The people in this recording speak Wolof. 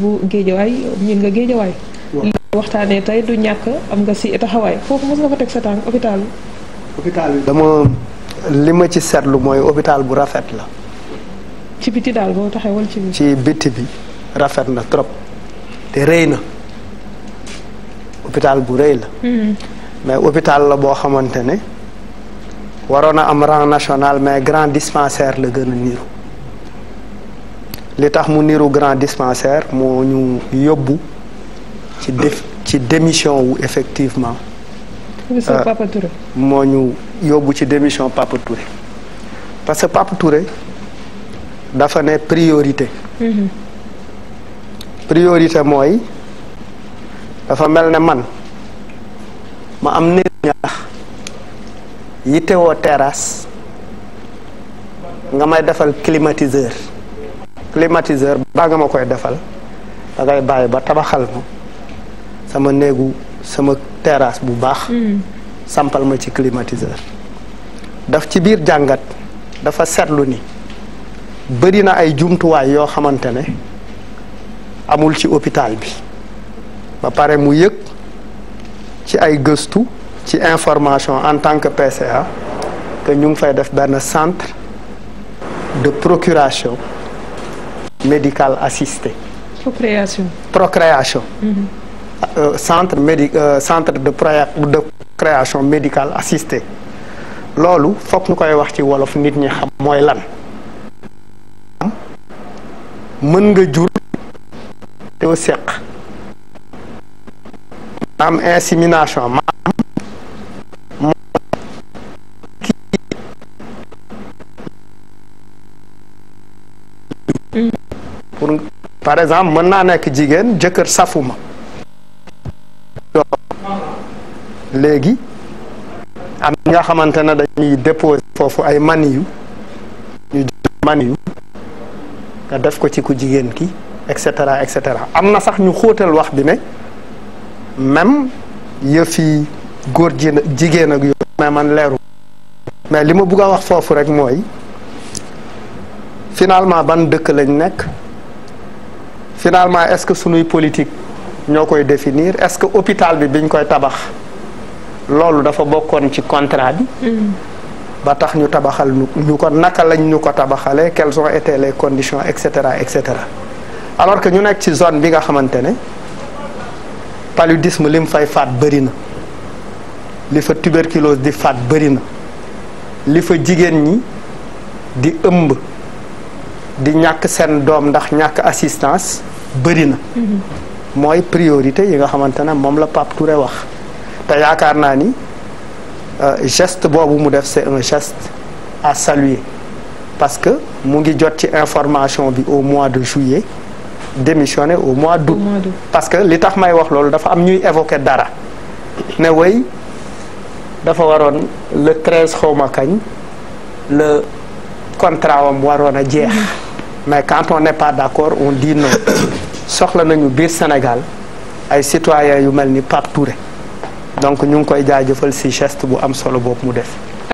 bu géejawaay miin nga géejawaay li waxtaanee tey du ñàkk am nga si taxawaay foofu mos nga fa teg sa tànk hôpital hôpital bi dama li ma ci seetlu mooy hôpital bu rafet la ci biti daal boo taxawal ci bi ci biti bi rafet na trop te rëy na hôpital bu rëy la hmm. mais hôpital la boo xamante ne waroon a am rang national mais grand dispensaire la gën a niru li tax mu niru grand dispensaire moo ñu yóbbu ci def ci démission wu effectivement. Euh, moo ñu yóbbu ci démission Papa Touré parce que Papa dafa ne priorité. Mm-hmm. priorité mooy dafa mel ne man ma am néeg ñaax yittewoo terrasse nga may defal climatiseur. climatiseur baa nga ma koy defal da ngay bàyyi ba tabaxal ma sama néegu sama terrasse bu baax hmm. sampal ma ci climatiseur daf ci biir jàngat dafa seetlu ni bëri na ay jumtuwaay yoo xamante ne amul ci hôpital bi ba pare mu yëg ci ay gëstu ci information en tant que PCA que ñu ngi fay def benn centre de procuration médical assisté. Procréation. Procréation. Mm -hmm. euh, centre, médi euh, centre de, de procréation médicale assistée. loolu foog ñu koy wax ci wolof nit ñi xam mooy lan. mën nga jur te seq. am insémination Am pour par exemple mën naa nekk jigéen jëkkër safuma léegi am nga xamante ne dañuy déposer foofu ay maniyu ñu maniyu nga def ko ci jigéen ki et cetera et cetera am na sax ñu xóotal wax bi ne même yëfi góor ji jigéen ak yooyu mais man leeru mais li ma bugg a wax foofu rek mooy finalement ban dëkk lañ nekk finalement est-ce que sunuy politique ñoo koy définir est-ce que hôpital bi biñ koy tabax loolu dafa bokkoon ci contrat bi. Mm. ba tax ñu tabaxal ñu ko naka lañ ñu ko tabaxalee quelles ont été les conditions etc., etc. alors que ñu nekk ci zone bi nga xamante ne paludisme li mu fay faat bëri na li fa tuberculose di faat bëri na li fa jigéen ñi di ëmb. di ñàkk seen doom ndax ñàkk assistance bëri na mm-hmm. mooy priorité yi nga xamante ne moom la Pape Touré wax te yaakaar naa ni euh, geste boobu mu def c'est un geste à saluer parce que mu ngi jot ci information bi au mois de juillet démissionné au mois d'août parce que li tax may wax loolu dafa am ñuy évoquer dara ne way dafa waroon le treize xawma kañ le contrat wam waroon a jeex mm-hmm. mais quand on n'est pas d'accord on dit non soxla nañu biir Sénégal ay citoyens yu mel ni Pape Touré donc ñu ngi koy jaajëfal ci geste bu am solo boobu mu def